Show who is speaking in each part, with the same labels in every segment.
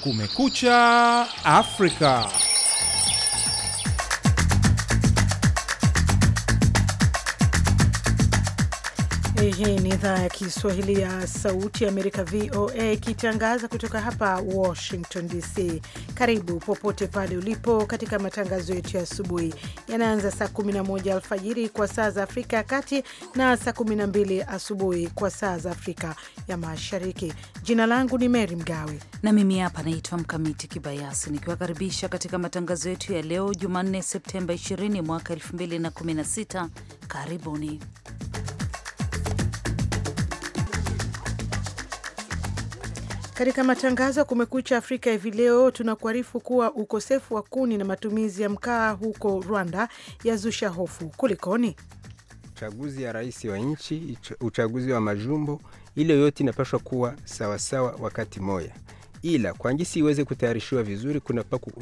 Speaker 1: Kumekucha Afrika.
Speaker 2: Hii ni idhaa ya Kiswahili ya Sauti ya Amerika, VOA, ikitangaza kutoka hapa Washington DC. Karibu popote pale ulipo katika matangazo yetu ya asubuhi yanaanza saa 11 alfajiri kwa saa za Afrika ya Kati na saa 12 asubuhi kwa saa za Afrika ya Mashariki.
Speaker 3: Jina langu ni Mary Mgawe na mimi hapa naitwa Mkamiti Kibayasi, nikiwakaribisha katika matangazo yetu ya leo Jumanne, Septemba 20 mwaka 2016. Karibuni.
Speaker 2: Katika matangazo ya Kumekucha Afrika hivi leo tunakuarifu kuwa ukosefu wa kuni na matumizi ya mkaa huko Rwanda yazusha hofu. Kulikoni?
Speaker 4: Uchaguzi ya rais wa nchi, uchaguzi wa majumbo, ile yote inapashwa kuwa sawasawa wakati moya, ila kwa ngisi iweze kutayarishiwa vizuri,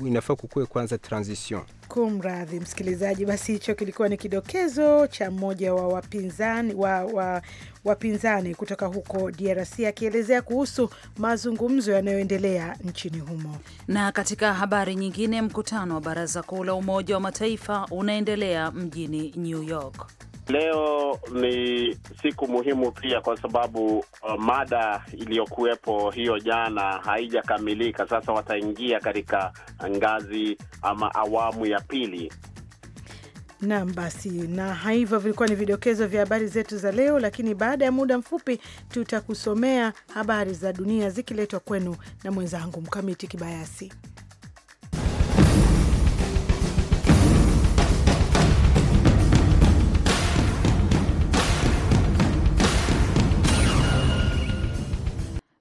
Speaker 4: inafaa kukuwe
Speaker 2: kwanza transition Kumradhi msikilizaji, basi hicho kilikuwa ni kidokezo cha mmoja wa wapinzani, wa, wa, wapinzani kutoka huko DRC akielezea kuhusu
Speaker 3: mazungumzo yanayoendelea nchini humo. Na katika habari nyingine, mkutano wa Baraza Kuu la Umoja wa Mataifa unaendelea mjini New York.
Speaker 5: Leo ni siku muhimu pia kwa sababu uh, mada iliyokuwepo hiyo jana haijakamilika. Sasa wataingia katika ngazi ama awamu ya pili.
Speaker 2: Naam, basi na hivyo vilikuwa ni vidokezo vya habari zetu za leo, lakini baada ya muda mfupi tutakusomea habari za dunia zikiletwa kwenu na mwenzangu Mkamiti Kibayasi.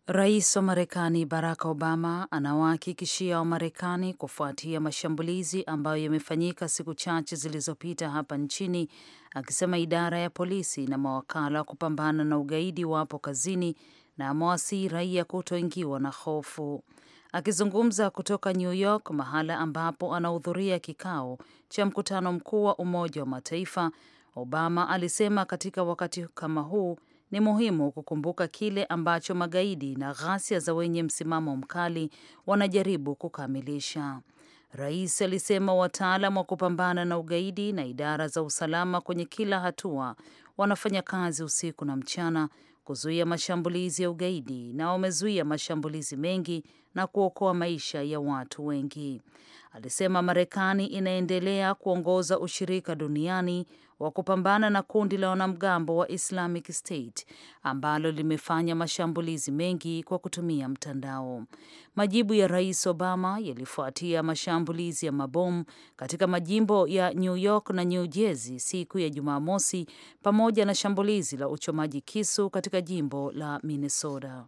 Speaker 3: Rais wa Marekani Barack Obama anawahakikishia Wamarekani kufuatia mashambulizi ambayo yamefanyika siku chache zilizopita hapa nchini, akisema idara ya polisi na mawakala wa kupambana na ugaidi wapo kazini na amewasihi raia kutoingiwa na hofu. Akizungumza kutoka New York, mahala ambapo anahudhuria kikao cha mkutano mkuu wa Umoja wa Mataifa, Obama alisema katika wakati kama huu ni muhimu kukumbuka kile ambacho magaidi na ghasia za wenye msimamo mkali wanajaribu kukamilisha. Rais alisema wataalam wa kupambana na ugaidi na idara za usalama kwenye kila hatua wanafanya kazi usiku na mchana kuzuia mashambulizi ya ugaidi na wamezuia mashambulizi mengi na kuokoa maisha ya watu wengi. Alisema Marekani inaendelea kuongoza ushirika duniani wa kupambana na kundi la wanamgambo wa Islamic State ambalo limefanya mashambulizi mengi kwa kutumia mtandao. Majibu ya Rais Obama yalifuatia mashambulizi ya mabomu katika majimbo ya New York na New Jersey siku ya Jumamosi pamoja na shambulizi la uchomaji kisu katika jimbo la Minnesota.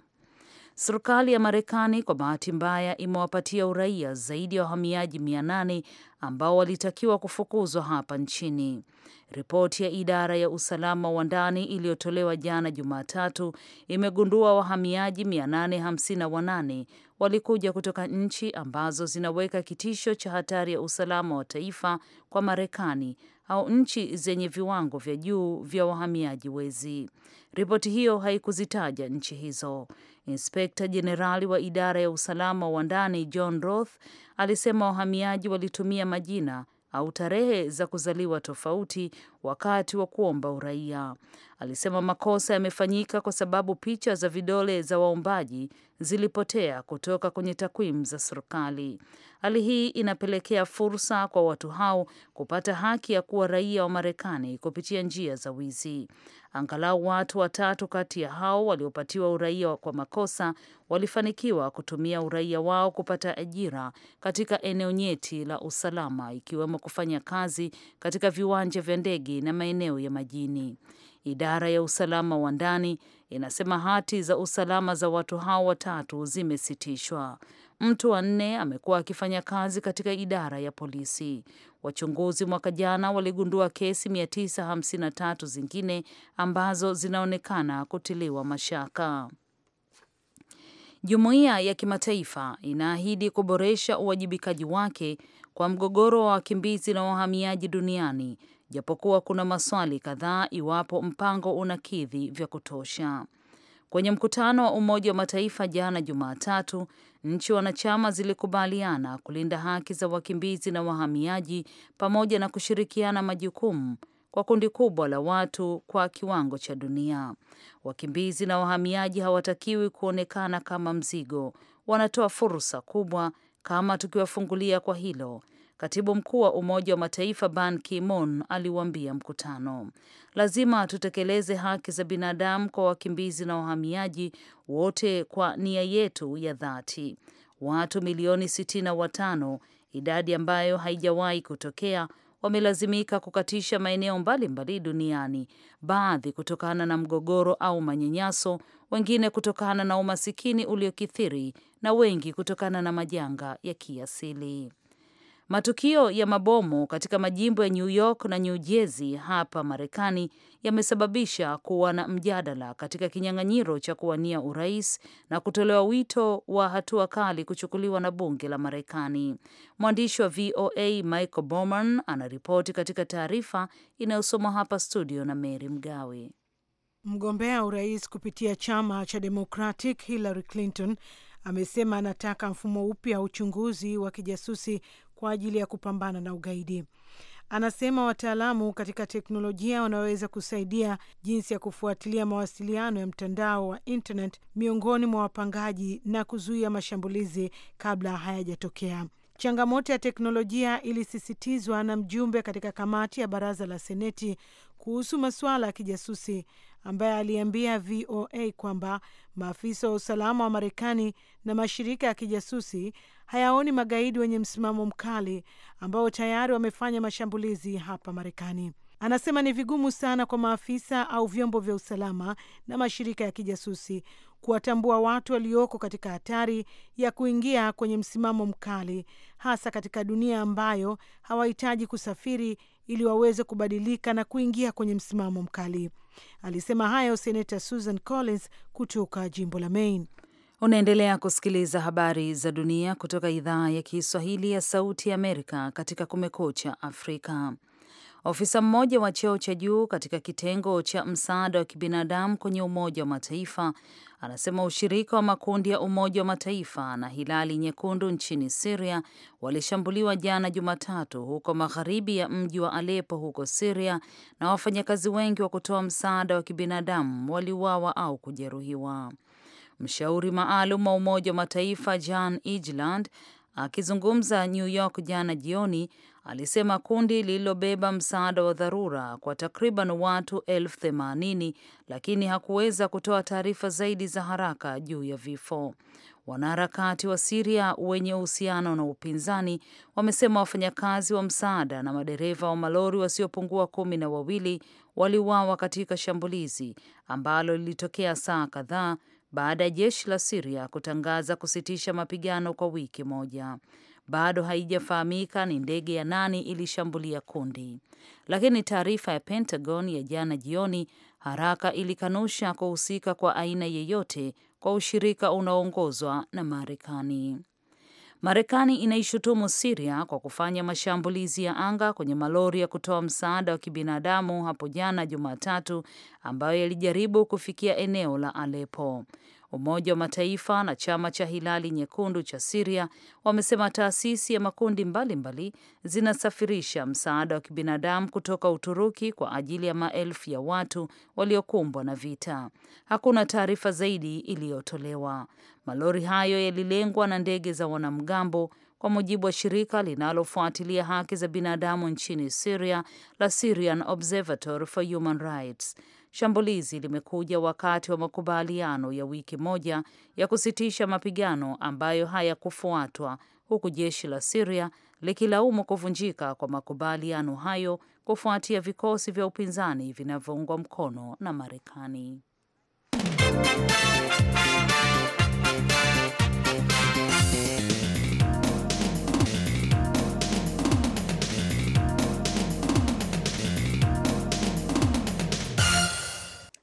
Speaker 3: Serikali ya Marekani kwa bahati mbaya imewapatia uraia zaidi ya wahamiaji mia nane ambao walitakiwa kufukuzwa hapa nchini. Ripoti ya idara ya usalama wa ndani iliyotolewa jana Jumatatu imegundua wahamiaji 858 walikuja kutoka nchi ambazo zinaweka kitisho cha hatari ya usalama wa taifa kwa Marekani au nchi zenye viwango vya juu vya wahamiaji wezi. Ripoti hiyo haikuzitaja nchi hizo. Inspekta Jenerali wa idara ya usalama wa ndani John Roth alisema wahamiaji walitumia majina au tarehe za kuzaliwa tofauti wakati wa kuomba uraia. Alisema makosa yamefanyika kwa sababu picha za vidole za waombaji zilipotea kutoka kwenye takwimu za serikali. Hali hii inapelekea fursa kwa watu hao kupata haki ya kuwa raia wa Marekani kupitia njia za wizi. Angalau watu watatu kati ya hao waliopatiwa uraia kwa makosa walifanikiwa kutumia uraia wao kupata ajira katika eneo nyeti la usalama, ikiwemo kufanya kazi katika viwanja vya ndege msingi na maeneo ya majini. Idara ya usalama wa ndani inasema hati za usalama za watu hao watatu zimesitishwa. Mtu wa nne amekuwa akifanya kazi katika idara ya polisi. Wachunguzi mwaka jana waligundua kesi 953 zingine ambazo zinaonekana kutiliwa mashaka. Jumuiya ya kimataifa inaahidi kuboresha uwajibikaji wake kwa mgogoro wa wakimbizi na wahamiaji duniani japokuwa kuna maswali kadhaa iwapo mpango unakidhi vya kutosha. Kwenye mkutano wa Umoja wa Mataifa jana Jumatatu, nchi wanachama zilikubaliana kulinda haki za wakimbizi na wahamiaji pamoja na kushirikiana majukumu kwa kundi kubwa la watu kwa kiwango cha dunia. Wakimbizi na wahamiaji hawatakiwi kuonekana kama mzigo, wanatoa fursa kubwa. Kama tukiwafungulia kwa hilo, Katibu mkuu wa Umoja wa Mataifa Ban Ki-moon aliwaambia mkutano, lazima tutekeleze haki za binadamu kwa wakimbizi na wahamiaji wote kwa nia yetu ya dhati. Watu milioni sitini na watano, idadi ambayo haijawahi kutokea, wamelazimika kukatisha maeneo mbalimbali duniani, baadhi kutokana na mgogoro au manyanyaso, wengine kutokana na umasikini uliokithiri na wengi kutokana na majanga ya kiasili. Matukio ya mabomu katika majimbo ya New York na New Jersey hapa Marekani yamesababisha kuwa na mjadala katika kinyang'anyiro cha kuwania urais na kutolewa wito wa hatua kali kuchukuliwa na bunge la Marekani. Mwandishi wa VOA Michael Bowman anaripoti katika taarifa inayosomwa hapa studio na Mary Mgawe. Mgombea urais kupitia chama cha Democratic Hillary
Speaker 2: Clinton amesema anataka mfumo upya wa uchunguzi wa kijasusi kwa ajili ya kupambana na ugaidi. Anasema wataalamu katika teknolojia wanaweza kusaidia jinsi ya kufuatilia mawasiliano ya mtandao wa internet miongoni mwa wapangaji na kuzuia mashambulizi kabla hayajatokea. Changamoto ya teknolojia ilisisitizwa na mjumbe katika kamati ya baraza la Seneti kuhusu masuala ya kijasusi ambaye aliambia VOA kwamba maafisa wa usalama wa Marekani na mashirika ya kijasusi hayaoni magaidi wenye msimamo mkali ambao tayari wamefanya mashambulizi hapa Marekani. Anasema ni vigumu sana kwa maafisa au vyombo vya usalama na mashirika ya kijasusi kuwatambua watu walioko katika hatari ya kuingia kwenye msimamo mkali, hasa katika dunia ambayo hawahitaji kusafiri ili waweze kubadilika na kuingia kwenye msimamo mkali.
Speaker 3: Alisema hayo Senata Susan Collins kutoka jimbo la Maine. Unaendelea kusikiliza habari za dunia kutoka idhaa ya Kiswahili ya Sauti ya Amerika katika Kumekucha Afrika. Ofisa mmoja wa cheo cha juu katika kitengo cha msaada wa kibinadamu kwenye Umoja wa Mataifa anasema ushirika wa makundi ya Umoja wa Mataifa na Hilali Nyekundu nchini Siria walishambuliwa jana Jumatatu huko magharibi ya mji wa Alepo huko Siria, na wafanyakazi wengi wa kutoa msaada wa kibinadamu waliuawa au kujeruhiwa. Mshauri maalum wa Umoja wa Mataifa Jan Egeland akizungumza New York jana jioni alisema kundi lililobeba msaada wa dharura kwa takriban watu elfu themanini lakini hakuweza kutoa taarifa zaidi za haraka juu ya vifo. Wanaharakati wa Siria wenye uhusiano na upinzani wamesema wafanyakazi wa msaada na madereva wa malori wasiopungua kumi na wawili waliuawa katika shambulizi ambalo lilitokea saa kadhaa baada ya jeshi la Siria kutangaza kusitisha mapigano kwa wiki moja. Bado haijafahamika ni ndege ya nani ilishambulia kundi, lakini taarifa ya Pentagon ya jana jioni haraka ilikanusha kuhusika kwa aina yeyote kwa ushirika unaoongozwa na Marekani. Marekani inaishutumu Siria kwa kufanya mashambulizi ya anga kwenye malori ya kutoa msaada wa kibinadamu hapo jana Jumatatu, ambayo yalijaribu kufikia eneo la Alepo. Umoja wa Mataifa na chama cha Hilali Nyekundu cha Siria wamesema taasisi ya makundi mbalimbali zinasafirisha msaada wa kibinadamu kutoka Uturuki kwa ajili ya maelfu ya watu waliokumbwa na vita. Hakuna taarifa zaidi iliyotolewa. Malori hayo yalilengwa na ndege za wanamgambo kwa mujibu wa shirika linalofuatilia haki za binadamu nchini Syria la Syrian Observatory for Human Rights. Shambulizi limekuja wakati wa makubaliano ya wiki moja ya kusitisha mapigano ambayo hayakufuatwa huku jeshi la Siria likilaumu kuvunjika kwa makubaliano hayo kufuatia vikosi vya upinzani vinavyoungwa mkono na Marekani.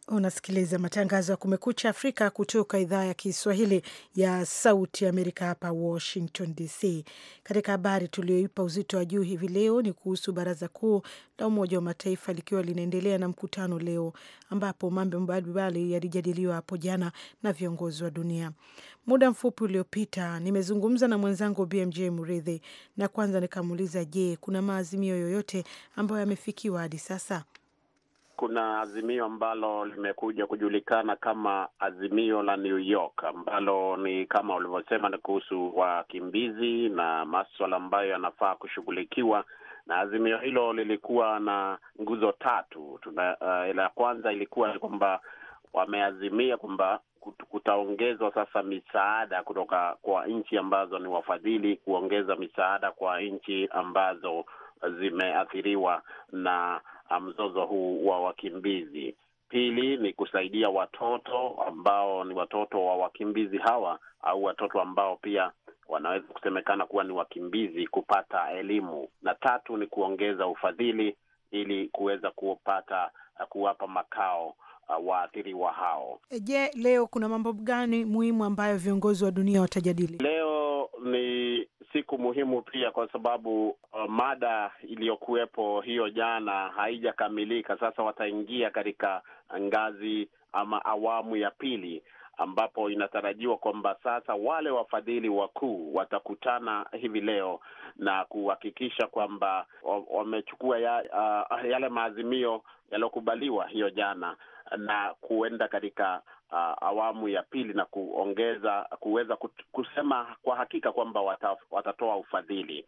Speaker 2: Unasikiliza matangazo ya Kumekucha Afrika kutoka idhaa ya Kiswahili ya Sauti Amerika, hapa Washington DC. Katika habari tulioipa uzito wa juu hivi leo ni kuhusu Baraza Kuu la Umoja wa Mataifa likiwa linaendelea na mkutano leo, ambapo mambo mbalimbali yalijadiliwa hapo jana na viongozi wa dunia. Muda mfupi uliopita nimezungumza na mwenzangu BMJ Mridhi, na kwanza nikamuuliza, je, kuna maazimio yoyote ambayo yamefikiwa hadi sasa?
Speaker 5: kuna azimio ambalo limekuja kujulikana kama azimio la New York ambalo ni kama ulivyosema, ni kuhusu wakimbizi na maswala ambayo yanafaa kushughulikiwa na azimio hilo lilikuwa na nguzo tatu. Tuna, uh, la kwanza ilikuwa ni kwamba wameazimia kwamba kutaongezwa sasa misaada kutoka kwa nchi ambazo ni wafadhili, kuongeza misaada kwa nchi ambazo zimeathiriwa na Uh, mzozo huu wa wakimbizi. Pili ni kusaidia watoto ambao ni watoto wa wakimbizi hawa au watoto ambao pia wanaweza kusemekana kuwa ni wakimbizi kupata elimu, na tatu ni kuongeza ufadhili ili kuweza kupata uh, kuwapa makao uh, waathiriwa hao.
Speaker 2: Je, leo kuna mambo gani muhimu ambayo viongozi wa dunia watajadili
Speaker 5: leo? Ni siku muhimu pia kwa sababu uh, mada iliyokuwepo hiyo jana haijakamilika. Sasa wataingia katika ngazi ama awamu ya pili ambapo inatarajiwa kwamba sasa wale wafadhili wakuu watakutana hivi leo na kuhakikisha kwamba uh, wamechukua ya, uh, yale maazimio yaliyokubaliwa hiyo jana na kuenda katika uh, awamu ya pili na kuongeza kuweza kusema kwa hakika kwamba wata, watatoa ufadhili.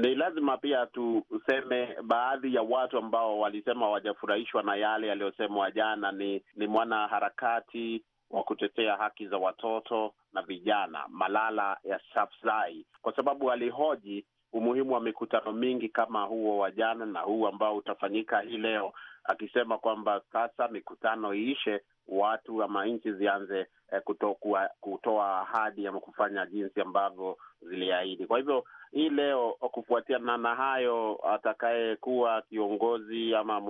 Speaker 5: Ni lazima pia tuseme baadhi ya watu ambao walisema hawajafurahishwa na yale yaliyosemwa jana ni, ni mwanaharakati wa kutetea haki za watoto na vijana Malala Yousafzai kwa sababu alihoji umuhimu wa mikutano mingi kama huo wa jana na huu ambao utafanyika hii leo, akisema kwamba sasa mikutano iishe watu ama nchi zianze eh, kutoa ahadi ama kufanya jinsi ambavyo ziliahidi. Kwa hivyo hii leo kufuatiana na hayo, atakayekuwa kiongozi ama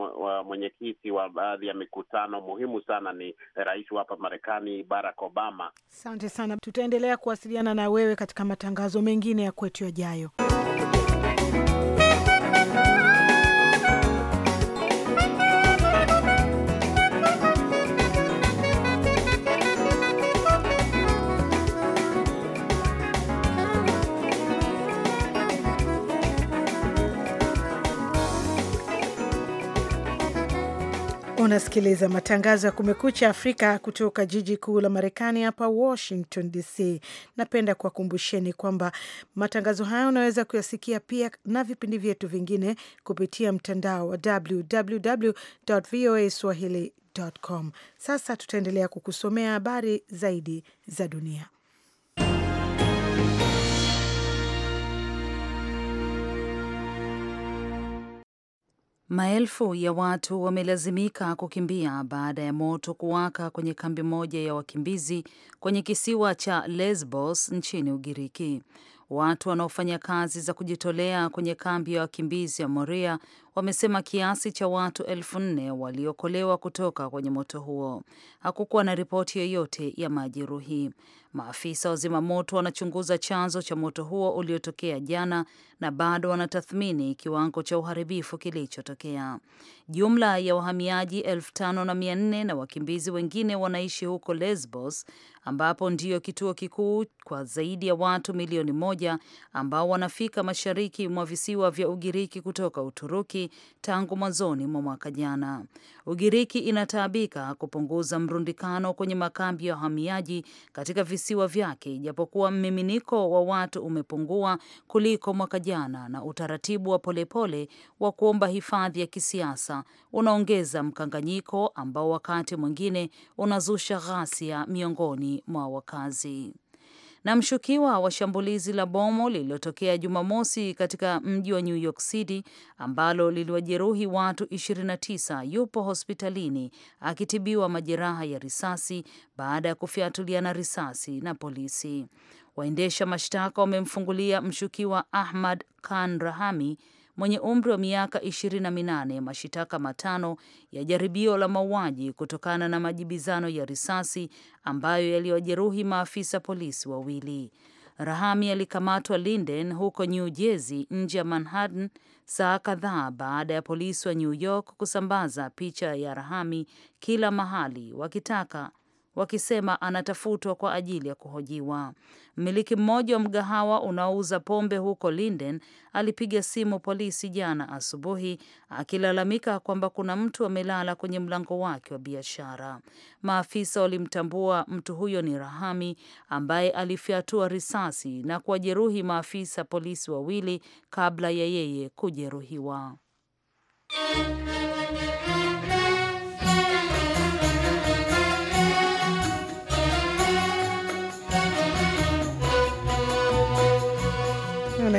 Speaker 5: mwenyekiti wa baadhi ya mikutano muhimu sana ni rais wa hapa Marekani Barack Obama.
Speaker 2: Asante sana, tutaendelea kuwasiliana na wewe katika matangazo mengine ya kwetu yajayo. Unasikiliza matangazo ya Kumekucha Afrika kutoka jiji kuu la Marekani, hapa Washington DC. Napenda kuwakumbusheni kwamba matangazo haya unaweza kuyasikia pia na vipindi vyetu vingine kupitia mtandao wa www voa swahili com. Sasa tutaendelea kukusomea habari zaidi za dunia.
Speaker 3: Maelfu ya watu wamelazimika kukimbia baada ya moto kuwaka kwenye kambi moja ya wakimbizi kwenye kisiwa cha Lesbos nchini Ugiriki. Watu wanaofanya kazi za kujitolea kwenye kambi ya wakimbizi ya Moria wamesema kiasi cha watu elfu nne waliokolewa kutoka kwenye moto huo. Hakukuwa na ripoti yoyote ya majeruhi. Maafisa wa zimamoto wanachunguza chanzo cha moto huo uliotokea jana na bado wanatathmini kiwango cha uharibifu kilichotokea. Jumla ya wahamiaji elfu tano na mia nne na wakimbizi wengine wanaishi huko Lesbos, ambapo ndiyo kituo kikuu kwa zaidi ya watu milioni moja ambao wanafika mashariki mwa visiwa vya Ugiriki kutoka Uturuki Ugiriki tangu mwanzoni mwa mwaka jana. Ugiriki inataabika kupunguza mrundikano kwenye makambi ya wahamiaji katika visiwa vyake, japokuwa mmiminiko wa watu umepungua kuliko mwaka jana, na utaratibu wa polepole wa kuomba hifadhi ya kisiasa unaongeza mkanganyiko ambao wakati mwingine unazusha ghasia miongoni mwa wakazi na mshukiwa wa shambulizi la bomo lililotokea Jumamosi katika mji wa New York City ambalo liliwajeruhi watu 29 yupo hospitalini akitibiwa majeraha ya risasi baada ya kufyatuliana risasi na polisi. Waendesha mashtaka wamemfungulia mshukiwa Ahmad Khan Rahami mwenye umri wa miaka ishirini na minane mashitaka matano ya jaribio la mauaji kutokana na majibizano ya risasi ambayo yaliwajeruhi maafisa polisi wawili. Rahami alikamatwa Linden huko New Jersey, nje ya Manhattan, saa kadhaa baada ya polisi wa New York kusambaza picha ya Rahami kila mahali wakitaka wakisema anatafutwa kwa ajili ya kuhojiwa. Mmiliki mmoja wa mgahawa unaouza pombe huko Linden alipiga simu polisi jana asubuhi akilalamika kwamba kuna mtu amelala kwenye mlango wake wa biashara. Maafisa walimtambua mtu huyo ni Rahami ambaye alifyatua risasi na kuwajeruhi maafisa polisi wawili kabla ya yeye kujeruhiwa.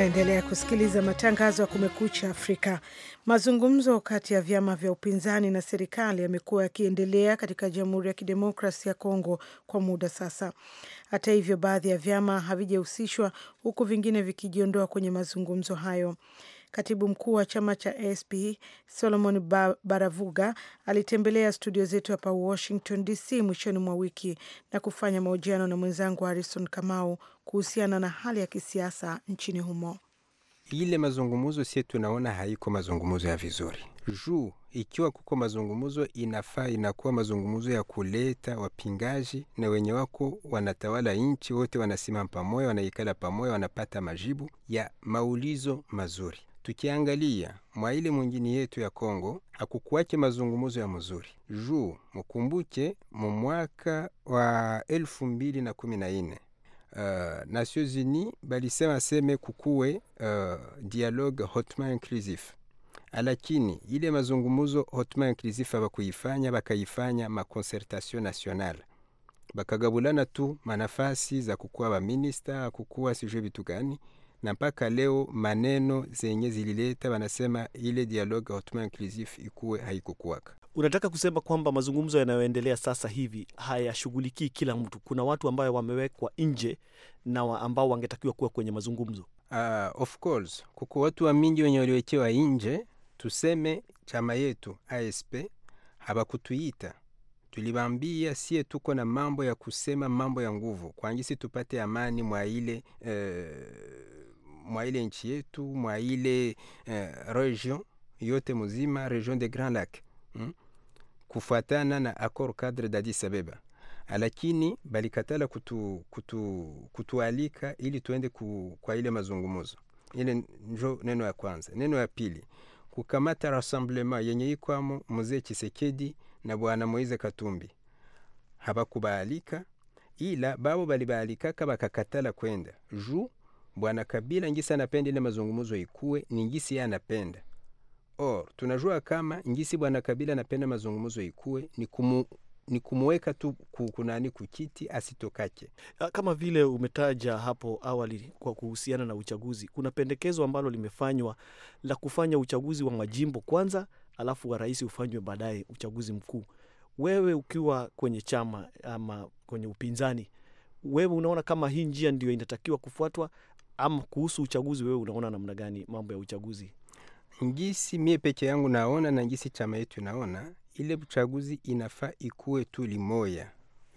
Speaker 2: Unaendelea kusikiliza matangazo ya Kumekucha Afrika. Mazungumzo kati ya vyama vya upinzani na serikali yamekuwa yakiendelea katika Jamhuri ya Kidemokrasi ya Kongo kwa muda sasa. Hata hivyo, baadhi ya vyama havijahusishwa huku vingine vikijiondoa kwenye mazungumzo hayo katibu mkuu wa chama cha ASP Solomon Baravuga alitembelea studio zetu hapa Washington DC mwishoni mwa wiki na kufanya mahojiano na mwenzangu Harrison Kamau kuhusiana na hali ya kisiasa nchini humo.
Speaker 4: Ile mazungumzo sie tunaona haiko mazungumzo ya vizuri juu ikiwa kuko mazungumzo inafaa inakuwa mazungumzo ya kuleta wapingaji na wenye wako wanatawala nchi, wote wanasimama pamoja, wanaikala pamoja, wanapata majibu ya maulizo mazuri. Tukiangalia mwaili mwingine yetu ya Kongo, akukuache mazungumzo ya mzuri ju mukumbuke, mu mwaka wa elfu mbili na kumi na nne uh, Nations Unies balisema seme kukuwe uh, dialogue hotman inclusif, alakini ile mazungumzo hotman inclusive abakuifanya, bakaifanya concertation nationale bakagabulana tu manafasi za kukuwa baminista, kukuwa sijue vitu gani na mpaka leo maneno zenye zilileta wanasema ile dialogue ya hotuma inclusif ikuwe haikukuwaka.
Speaker 5: Unataka kusema kwamba mazungumzo yanayoendelea sasa hivi hayashughulikii kila mtu? Kuna watu ambayo wamewekwa nje na wa ambao wangetakiwa kuwa kwenye mazungumzo? Uh, of course kuko watu wa mingi wenye
Speaker 4: waliwekewa nje. Tuseme chama yetu ASP hawakutuita tulibambia sie tuko na mambo ya kusema, mambo ya nguvu kwangisi tupate amani mwa ile eh, mwa ile nchi yetu, mwa ile eh, region yote mzima, region de Grand Lac hmm? kufuatana na accord cadre d'Addis Abeba, lakini balikatala kutu, kutu, kutualika ili tuende ku, kwa ile mazungumzo ile. Njo neno ya kwanza. Neno ya pili kukamata rassemblement yenye ikwamo mzee Chisekedi na bwana Moise Katumbi habakubalika, ila babo balibaalikaka bakakatala kwenda juu Bwana Kabila ngisi anapenda ile mazungumzo ikuwe ni ngisi yeye anapenda or tunajua kama ngisi Bwana Kabila anapenda mazungumzo ikuwe ni
Speaker 5: kumu ni kumweka tu kunani kukiti asitokake. Ah, kama vile umetaja hapo awali kwa kuhusiana na uchaguzi, kuna pendekezo ambalo limefanywa la kufanya uchaguzi wa majimbo kwanza, alafu wa rais ufanywe baadaye, uchaguzi mkuu. Wewe ukiwa kwenye chama ama kwenye upinzani, wewe unaona kama hii njia ndio inatakiwa kufuatwa ama kuhusu uchaguzi, wewe unaona namna gani mambo ya uchaguzi?
Speaker 4: Ngisi mie peke yangu naona na ngisi chama yetu naona ile uchaguzi inafaa ikuwe tu limoya,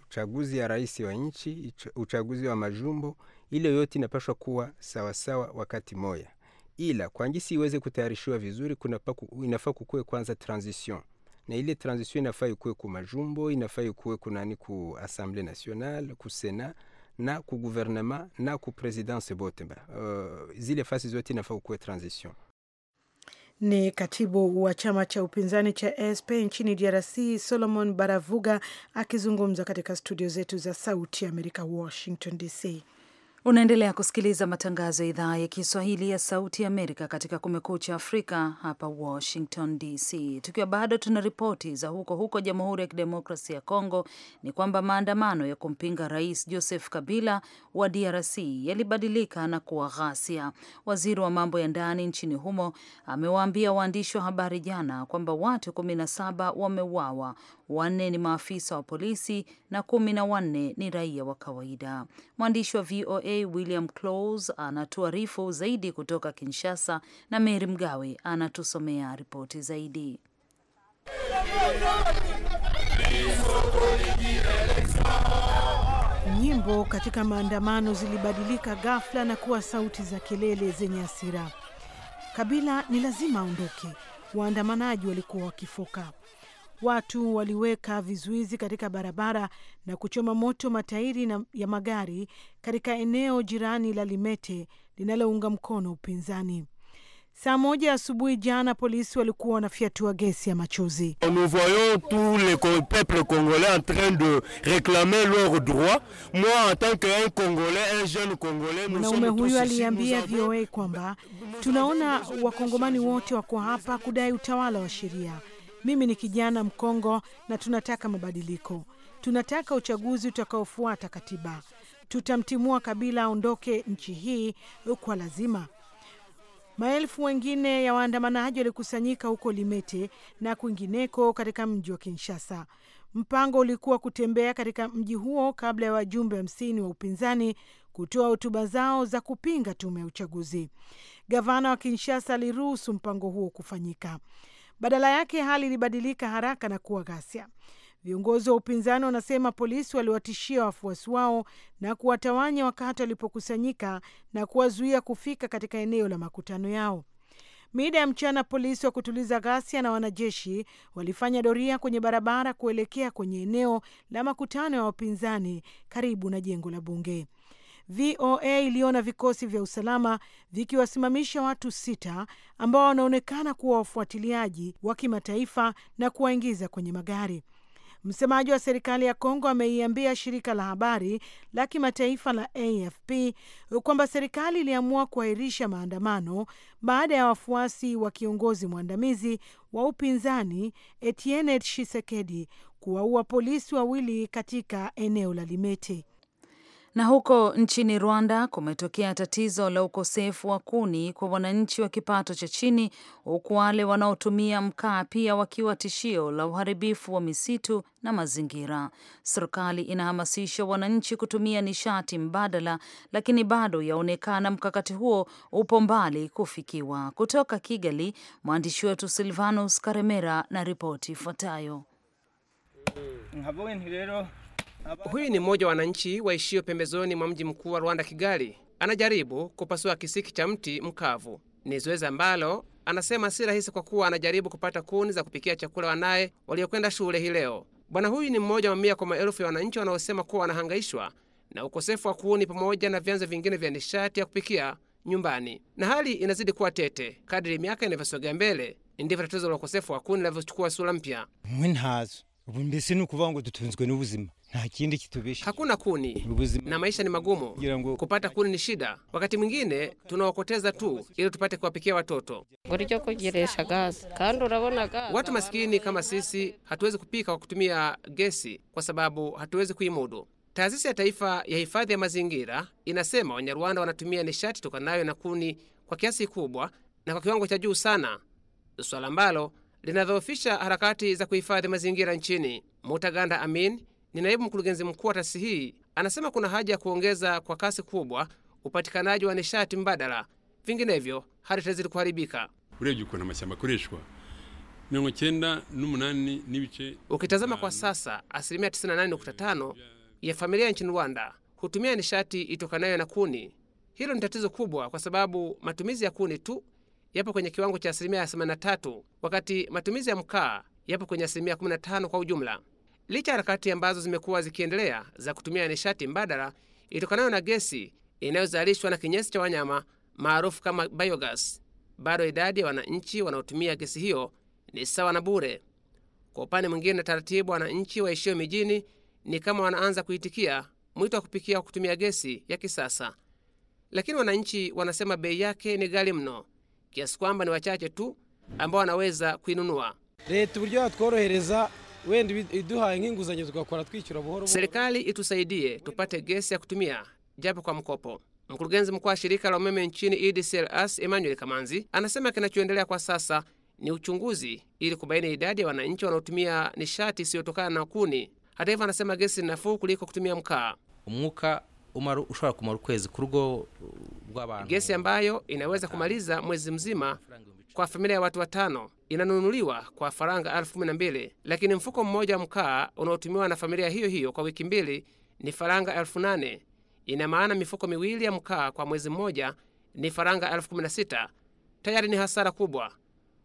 Speaker 4: uchaguzi ya rais wa nchi, uchaguzi wa majumbo, ile yote inapashwa kuwa sawasawa wakati moya, ila kwa ngisi iweze kutayarishiwa vizuri, inafaa kukuwe kwanza transition na ile transition inafaa ikuwe ku majumbo, inafaa ikuwe kunani ku assemble nationale ku senat na kuguvernema na kupresidansi bote uh, zile fasi zote inafaa ukuwe transition.
Speaker 2: Ni katibu wa chama cha upinzani cha ASP nchini DRC Solomon Baravuga akizungumza katika studio zetu za Sauti ya Amerika, Washington DC.
Speaker 3: Unaendelea kusikiliza matangazo ya idhaa ya Kiswahili ya Sauti ya Amerika katika Kumekucha Afrika hapa Washington DC. Tukiwa bado tuna ripoti za huko huko Jamhuri ya Kidemokrasia ya Kongo, ni kwamba maandamano ya kumpinga Rais Joseph Kabila wa DRC yalibadilika na kuwa ghasia. Waziri wa mambo ya ndani nchini humo amewaambia waandishi wa habari jana kwamba watu 17 wameuawa wanne ni maafisa wa polisi na kumi na wanne ni raia wa kawaida. Mwandishi wa VOA William Close anatuarifu zaidi kutoka Kinshasa na mary Mgawe anatusomea ripoti zaidi. Nyimbo katika maandamano
Speaker 2: zilibadilika ghafla na kuwa sauti za kelele zenye hasira. Kabila ni lazima aondoke, waandamanaji walikuwa wakifoka watu waliweka vizuizi katika barabara na kuchoma moto matairi na ya magari katika eneo jirani la Limete linalounga mkono upinzani. Saa moja asubuhi jana, polisi walikuwa wanafyatua gesi ya machozi.
Speaker 5: Mwanaume huyu aliambia
Speaker 2: VOA kwamba tunaona wakongomani wote wako hapa kudai utawala wa sheria mimi ni kijana Mkongo na tunataka mabadiliko. Tunataka uchaguzi utakaofuata katiba. Tutamtimua Kabila aondoke nchi hii kwa lazima. Maelfu wengine ya waandamanaji walikusanyika huko Limete na kwingineko katika mji wa Kinshasa. Mpango ulikuwa kutembea katika mji huo kabla ya wajumbe hamsini wa upinzani kutoa hotuba zao za kupinga tume ya uchaguzi. Gavana wa Kinshasa aliruhusu mpango huo kufanyika. Badala yake hali ilibadilika haraka na kuwa ghasia. Viongozi wa upinzani wanasema polisi waliwatishia wafuasi wao na kuwatawanya wakati walipokusanyika na kuwazuia kufika katika eneo la makutano yao. Mida ya mchana, polisi wa kutuliza ghasia na wanajeshi walifanya doria kwenye barabara kuelekea kwenye eneo la makutano ya wapinzani karibu na jengo la bunge. VOA iliona vikosi vya usalama vikiwasimamisha watu sita ambao wanaonekana kuwa wafuatiliaji wa kimataifa na kuwaingiza kwenye magari. Msemaji wa serikali ya Kongo ameiambia shirika la habari la kimataifa la AFP kwamba serikali iliamua kuahirisha maandamano baada ya wafuasi wa kiongozi mwandamizi wa upinzani Etienne Tshisekedi kuwaua
Speaker 3: polisi wawili katika eneo la Limete. Na huko nchini Rwanda kumetokea tatizo la ukosefu wa kuni kwa wananchi wa kipato cha chini, huku wale wanaotumia mkaa pia wakiwa tishio la uharibifu wa misitu na mazingira. Serikali inahamasisha wananchi kutumia nishati mbadala, lakini bado yaonekana mkakati huo upo mbali kufikiwa. Kutoka Kigali, mwandishi wetu Silvanus Karemera na ripoti ifuatayo.
Speaker 6: Huyu ni mmoja wa wananchi waishio pembezoni mwa mji mkuu wa Rwanda, Kigali. Anajaribu kupasua kisiki cha mti mkavu. Ni zoezi ambalo anasema si rahisi kwa kuwa anajaribu kupata kuni za kupikia chakula wanaye waliokwenda shule hii leo. Bwana huyu ni mmoja wa mia kwa maelfu ya wananchi wanaosema kuwa wanahangaishwa na ukosefu wa kuni pamoja na vyanzo vingine vya nishati ya kupikia nyumbani, na hali inazidi kuwa tete kadiri miaka inavyosogea mbele. Ndivyo tatizo la ukosefu wa kuni linavyochukua sura mpya. Hakuna kuni na maisha ni magumu Kupata kuni ni shida, wakati mwingine tunawakoteza tu ili tupate kuwapikia watoto. Watu masikini kama sisi hatuwezi kupika kwa kutumia gesi kwa sababu hatuwezi kuimudu. Taasisi ya Taifa ya Hifadhi ya Mazingira inasema Wanyarwanda wanatumia nishati tokanayo na kuni kwa kiasi kubwa na kwa kiwango cha juu sana, swala ambalo linadhoofisha harakati za kuhifadhi mazingira nchini. Mutaganda Amin ni naibu mkurugenzi mkuu wa taasisi hii, anasema kuna haja ya kuongeza kwa kasi kubwa upatikanaji wa nishati mbadala, vinginevyo hali itazidi kuharibika. urebye ukuntu amashyamba akoreshwa mirongo cyenda n'umunani n'ibice. Ukitazama kwa sasa, asilimia 98.5 ya familia nchini Rwanda hutumia nishati itokanayo na kuni. Hilo ni tatizo kubwa, kwa sababu matumizi ya kuni tu yapo kwenye kiwango cha asilimia 83, wakati matumizi ya mkaa yapo kwenye asilimia 15 kwa ujumla. Licha harakati ambazo zimekuwa zikiendelea za kutumia nishati mbadala itokanayo na gesi inayozalishwa na kinyesi cha wanyama maarufu kama biogas, bado idadi ya wananchi wanaotumia gesi hiyo ni sawa na bure. Kwa upande mwingine, taratibu wananchi waishio mijini ni kama wanaanza kuitikia mwito wa kupikia wa kutumia gesi ya kisasa, lakini wananchi wanasema bei yake ni ghali mno kiasi kwamba ni wachache tu ambao wanaweza kuinunua wenda iduhaye nk'inguzanyo tugakora twishyura buhoro serikali itusaidie tupate gesi ya kutumia japo kwa mkopo. Mkurugenzi mkuu wa shirika la umeme nchini EDCLS Emmanuel Kamanzi anasema kinachoendelea kwa sasa ni uchunguzi ili kubaini idadi ya wananchi wanaotumia nishati isiyotokana na kuni. Hata hivyo, anasema gesi ni nafuu kuliko kutumia mkaa. Umwuka ushobora kumara ukwezi ku rw'abantu, gesi ambayo inaweza kumaliza mwezi mzima kwa familia ya watu watano inanunuliwa kwa faranga elfu kumi na mbili, lakini mfuko mmoja mkaa unaotumiwa na familia hiyo hiyo kwa wiki mbili ni faranga elfu nane. Ina maana mifuko miwili ya mkaa kwa mwezi mmoja ni faranga elfu kumi na sita. Tayari ni hasara kubwa.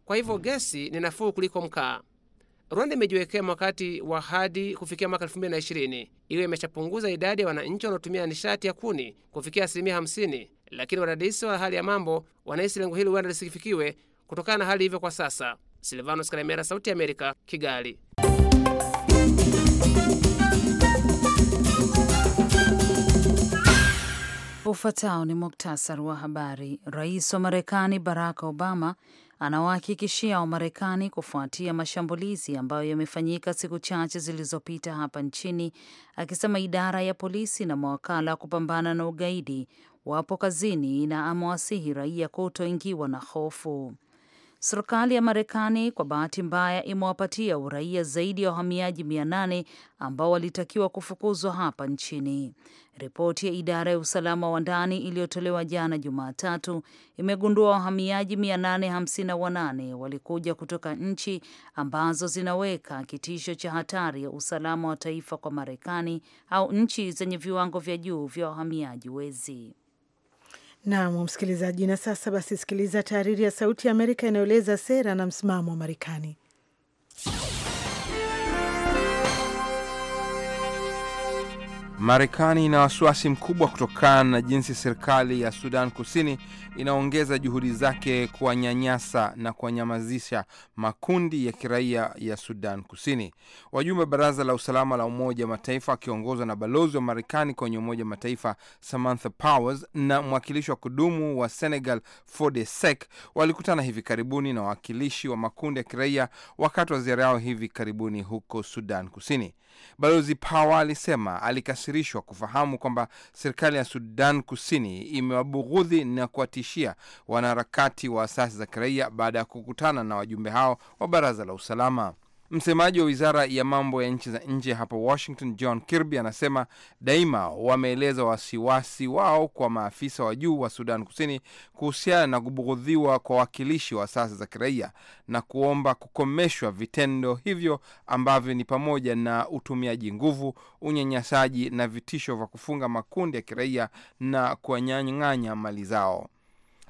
Speaker 6: Kwa hivyo gesi ni nafuu kuliko mkaa. Rwanda imejiwekea wakati wa hadi kufikia mwaka 2020 iwe imeshapunguza idadi ya wananchi wanaotumia nishati ya kuni kufikia asilimia 50, lakini wadadisi wa hali ya mambo wanahisi lengo hili huenda lisifikiwe kutokana na hali hivyo kwa sasa. Silvanos Kalemera, Sauti ya Amerika, Kigali.
Speaker 3: Ufuatao ni muktasar wa habari. Rais wa Marekani Barack Obama anawahakikishia Wamarekani kufuatia mashambulizi ambayo yamefanyika siku chache zilizopita hapa nchini, akisema idara ya polisi na mawakala wa kupambana na ugaidi wapo kazini na amewasihi raia kutoingiwa na hofu. Serikali ya Marekani kwa bahati mbaya imewapatia uraia zaidi ya wahamiaji mia nane ambao walitakiwa kufukuzwa hapa nchini. Ripoti ya idara ya usalama wa ndani iliyotolewa jana Jumatatu imegundua wahamiaji 858 walikuja kutoka nchi ambazo zinaweka kitisho cha hatari ya usalama wa taifa kwa Marekani au nchi zenye viwango vya juu vya wahamiaji wezi.
Speaker 2: Naam, msikilizaji, na sasa basi sikiliza tahariri ya Sauti ya Amerika inayoeleza sera na msimamo wa Marekani.
Speaker 1: Marekani ina wasiwasi mkubwa kutokana na jinsi serikali ya Sudan Kusini inaongeza juhudi zake kuwanyanyasa na kuwanyamazisha makundi ya kiraia ya Sudan Kusini. Wajumbe wa Baraza la Usalama la Umoja wa Mataifa wakiongozwa na balozi wa Marekani kwenye Umoja wa Mataifa Samantha Powers na mwakilishi wa kudumu wa Senegal Fode Sek walikutana hivi karibuni na wawakilishi wa makundi ya kiraia wakati wa ziara yao hivi karibuni huko Sudan Kusini. Balozi Pawa alisema alikasirishwa kufahamu kwamba serikali ya Sudan Kusini imewabughudhi na kuwatishia wanaharakati wa asasi za kiraia baada ya kukutana na wajumbe hao wa Baraza la Usalama. Msemaji wa wizara ya mambo ya nchi za nje hapa Washington, John Kirby, anasema daima wameeleza wasiwasi wao kwa maafisa wa juu wa Sudan Kusini kuhusiana na kubughudhiwa kwa wakilishi wa asasi za kiraia na kuomba kukomeshwa vitendo hivyo ambavyo ni pamoja na utumiaji nguvu, unyanyasaji na vitisho vya kufunga makundi ya kiraia na kuwanyang'anya mali zao.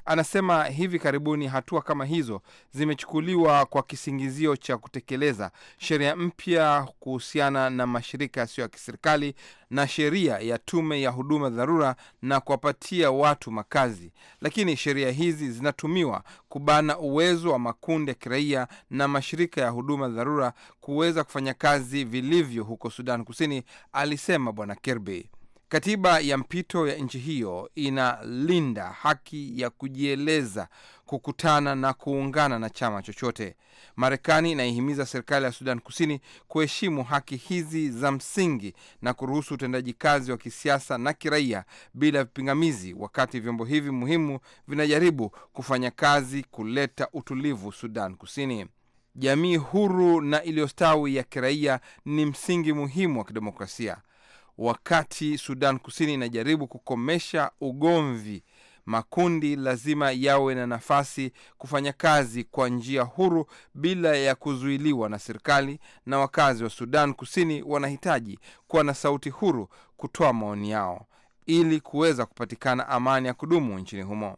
Speaker 1: Anasema hivi karibuni hatua kama hizo zimechukuliwa kwa kisingizio cha kutekeleza sheria mpya kuhusiana na mashirika yasiyo ya kiserikali na sheria ya tume ya huduma dharura na kuwapatia watu makazi, lakini sheria hizi zinatumiwa kubana uwezo wa makundi ya kiraia na mashirika ya huduma dharura kuweza kufanya kazi vilivyo huko Sudan Kusini, alisema Bwana Kirby. Katiba ya mpito ya nchi hiyo inalinda haki ya kujieleza, kukutana na kuungana na chama chochote. Marekani inaihimiza serikali ya Sudan Kusini kuheshimu haki hizi za msingi na kuruhusu utendaji kazi wa kisiasa na kiraia bila vipingamizi, wakati vyombo hivi muhimu vinajaribu kufanya kazi kuleta utulivu Sudan Kusini. Jamii huru na iliyostawi ya kiraia ni msingi muhimu wa kidemokrasia wakati Sudan Kusini inajaribu kukomesha ugomvi, makundi lazima yawe na nafasi kufanya kazi kwa njia huru bila ya kuzuiliwa na serikali, na wakazi wa Sudan Kusini wanahitaji kuwa na sauti huru kutoa maoni yao ili kuweza kupatikana amani ya kudumu nchini humo.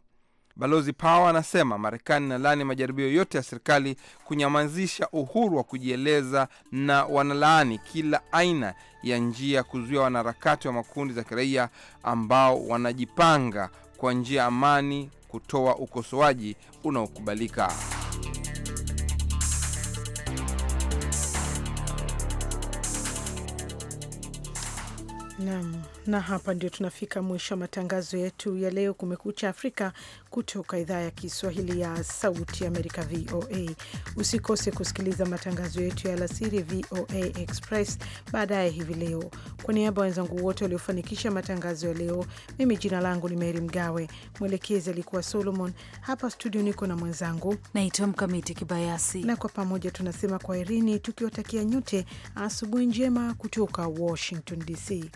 Speaker 1: Balozi Power anasema Marekani inalaani majaribio yote ya serikali kunyamazisha uhuru wa kujieleza na wanalaani kila aina ya njia kuzuia wanaharakati wa makundi za kiraia ambao wanajipanga kwa njia ya amani kutoa ukosoaji unaokubalika.
Speaker 2: Naam na hapa ndio tunafika mwisho wa matangazo yetu ya leo Kumekucha Afrika kutoka idhaa ya Kiswahili ya Sauti Amerika, VOA. Usikose kusikiliza matangazo yetu ya alasiri, VOA Express, baadaye hivi leo. Kwa niaba ya wenzangu wote waliofanikisha matangazo ya leo, mimi jina langu ni Meri Mgawe, mwelekezi alikuwa Solomon. Hapa studio niko na mwenzangu naitwa Mkamiti Kibayasi, na kwa pamoja tunasema kwa irini tukiwatakia nyote asubuhi njema kutoka Washington DC.